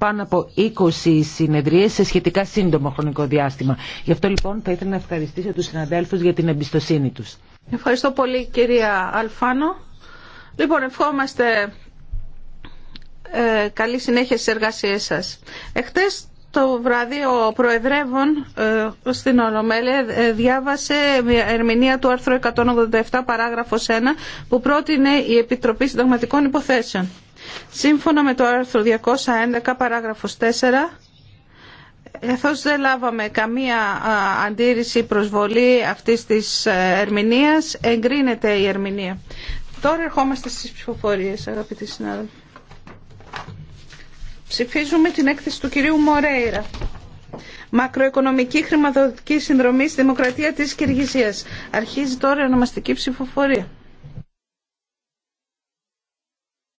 πάνω από 20 συνεδρίες σε σχετικά σύντομο χρονικό διάστημα. Γι' αυτό λοιπόν θα ήθελα να ευχαριστήσω τους συναδέλφους για την εμπιστοσύνη τους. Ευχαριστώ πολύ κυρία Αλφάνο. Λοιπόν, ευχόμαστε ε, καλή συνέχεια στις εργασίες σας. Εχθές το βράδυ ο Προεδρεύων ε, στην Ολομέλεια ε, διάβασε μια ερμηνεία του άρθρου 187 παράγραφος 1 που πρότεινε η Επιτροπή Συνταγματικών Υποθέσεων. Σύμφωνα με το άρθρο 211 παράγραφος 4, καθώς δεν λάβαμε καμία αντίρρηση προσβολή αυτής της ε, ερμηνείας, εγκρίνεται η ερμηνεία. Τώρα ερχόμαστε στις ψηφοφορίες, αγαπητοί συνάδελφοι. Ψηφίζουμε την έκθεση του κυρίου Μορέιρα. Μακροοικονομική χρηματοδοτική συνδρομή στη Δημοκρατία της Κυργισίας. Αρχίζει τώρα η ονομαστική ψηφοφορία.